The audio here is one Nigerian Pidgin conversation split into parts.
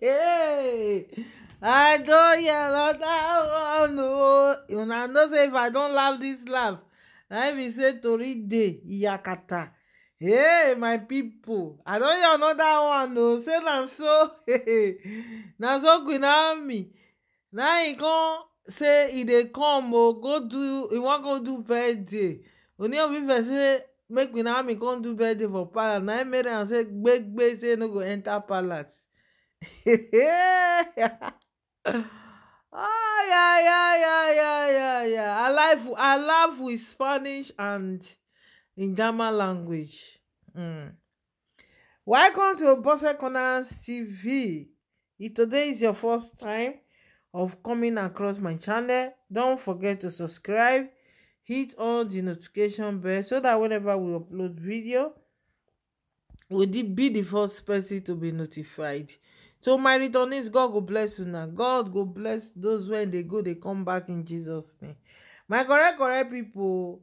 hey i don hear another one oh una know say if i don laugh dis laugh na be say tori dey yakata hey my pipo i don hear another one oh say na so na so queen army na e come say e dey come o oh, go do e wan go do birthday oni of person say make queen army come do birthday for palace na im marry am say gbegbe say no go enter palace Ah, yeah, yeah, yeah, yeah, yeah, yeah. I love, I love with Spanish and in German language. Mm. Welcome to Bose Corners TV. If today is your first time of coming across my channel, don't forget to subscribe. Hit on the notification bell so that whenever we upload video, we'll be the first person to be notified so my returnees god go bless you now. god go bless those when they go they come back in jesus name my correct correct people.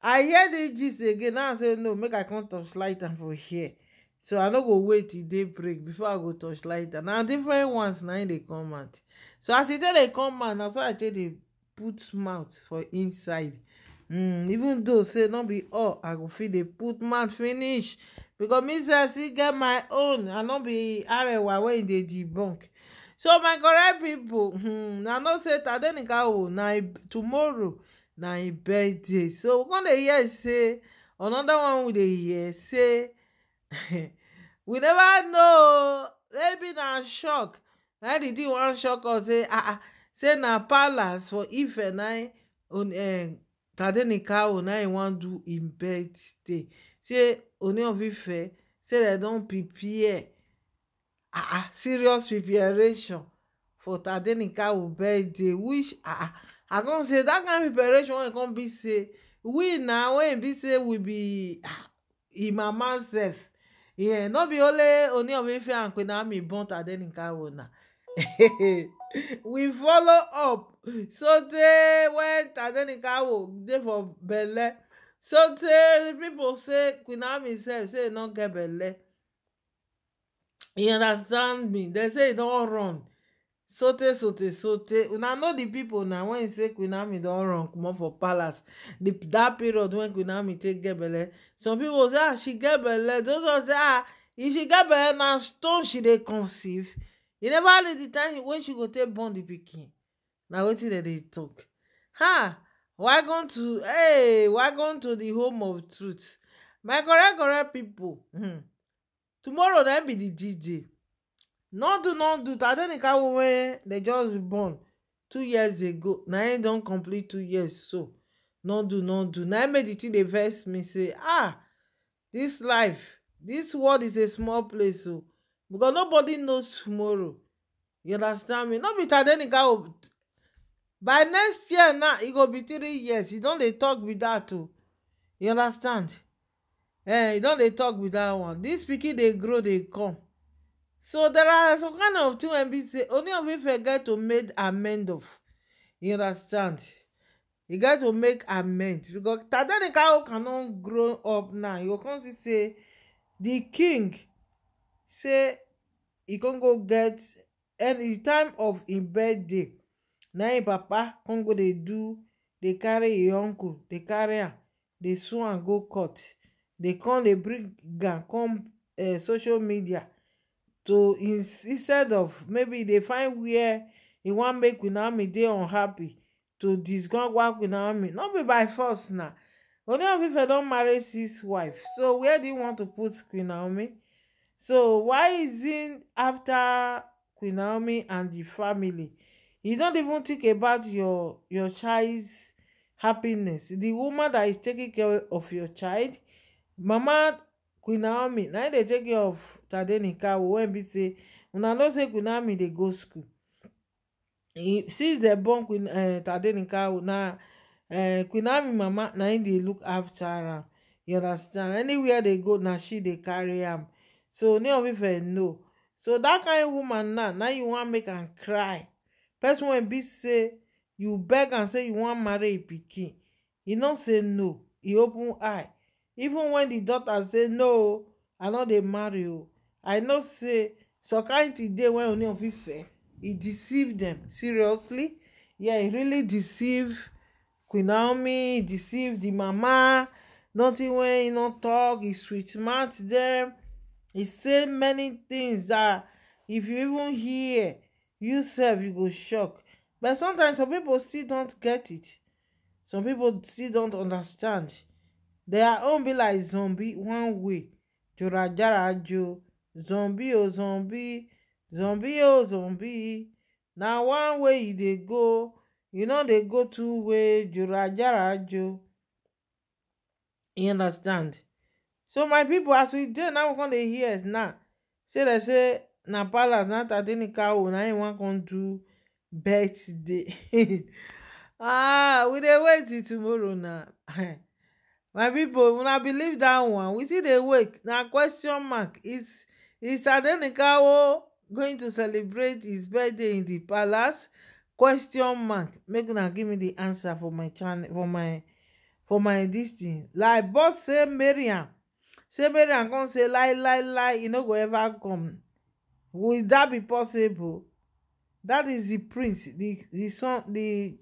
i hear the gist again now i say no make i come touch light am for here so i don't go wait till day break before i go touch light am na different ones now they come out so as e tell they come out na so i tell they put mouth for inside mm, even though say no be all i go feel they put mouth finish because me sef still get my own i no be arewa wey e dey debunk so my correct pipo hmm i know say tadenikawo na e, tomorrow na im e birthday so we con dey hear say another one we dey hear say we never know maybe na shock na the thing wan shock us say ah, ah say na palace for ife na e, eh, tadenikawo na im wan do im birthday say oni of ife say dem don prepare ah ah serious preparation for tadenikawo birthday which ah ah i come say dat kain preparation wey come be say we now when be say we be my ah, mama self. yeah not be only oni of ife and queen naomi born tadenikawo na we follow up so tey wen tadenikawo dey for belle so tey people say queen army sef say e don get belle You understand me dem say e don run sote sote sote una know di pipo na wen say queen army don run comot for palace dat period wen queen army take get belle some pipo say ah she get belle those ones say ah if she get belle na stone she dey conceive e never read the time wey she go take born di pikin na wetin dem dey tok ha welcome to hey welcome to the home of truth my correct correct pipo hmm. tomorrow then be the gj no do no do adenika wey They just born two years ago Now I don't complete two years so no do no do Now im make the verse. me say ah this life this world is a small place o oh, because nobody knows tomorrow you understand me Not be tadenika by next year now e go be three years e don dey talk be that o you understand eh e don dey talk be that one dis pikin dey grow dey come so there are some kind of thing wey be say only of ife get to make amend of you understand e get to make amend because tadenikawo oka cannot grow up now you go come see say the king say e con go get any time of im birthday na im papa come go dey do dey carry im uncle dey carry am dey sue am go court dey come dey bring am come eh, social media to instead of maybe e dey find where e wan make queen naomi dey unhappy to disgwagwa queen naomi no be by force na oni of ife don marry six wife so where do you want to put queen naomi so why is he after queen naomi and the family you don't even think about your your child's happiness the woman that is taking care of your child mama kunami. naomi na dey take care of tadenikawo wey be say una know say kunami. naomi dey go school since dem born queen eh, tadenikawo na eh, queen naomi mama na im dey look after am you understand anywhere dey go na she dey carry am so of ife know so dat kain woman now na you wan make am cry person wey be say you beg am say you wan marry im pikin e no say no e open eye even when the daughter say no i no dey marry o i know say some kind thing dey wey Ooni of Ife e deceive dem seriously yeah e really deceive Queen Naomi e deceive the mama nothing wey e no talk e sweet mouth dem e say many things that if you even hear you sef you go shock but sometimes some pipo still don't get it some pipo still don't understand their own be like zombie one way jorajarajo zombie o oh zombie zombie o oh zombie na one way you dey go you no dey go two way jorajarajo you understand so my pipo as we dey now we come dey hear now say dem say na palace na tadenikawo na im wan come do birthday ah we dey wait till tomorrow na my pipo una believe dat one we still dey wait na question mark is is tadenikawo going to celebrate his birthday in di palace question mark make una give me di answer for my channel for my for my dis thing like boss say mariam say mariam come say lie lie lie e no go ever come Will that be possible? That is the prince, the the son, the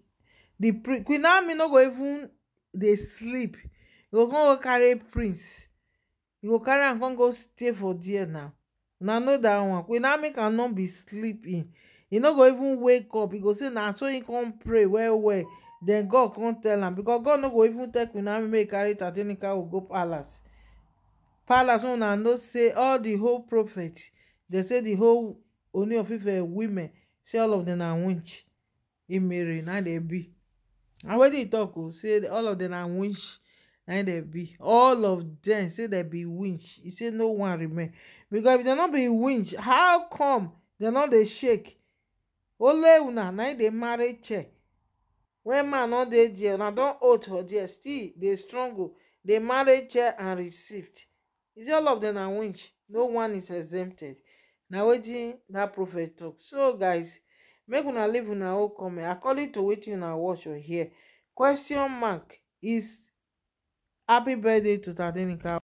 the prince. Queen Naomi no go even dey sleep. You go come go carry prince. You go carry am come go stay for there now. Una know that one. Queen Naomi cannot be sleeping. He no go even wake up. He go say na so he come pray well well. Then God come tell am because God no go even tell Queen Naomi make he carry Tatenika go palace. Palace una know say all the whole prophet they say the whole only of if a women say all of them are winch in imere na they be and wetin he talk oh, say all of them are winch na they be all of them say they be winch he say no one remain because if they not be winch how come they not they shake only una na they marry chair when man not they there una don't hold for there still they struggle. They dey marry chair and received Is all of them are winch no one is exempted na wetin dat prophet talk. so guys make una leave una own comment according to wetin una watch or hear question mark is happy birthday to tadenika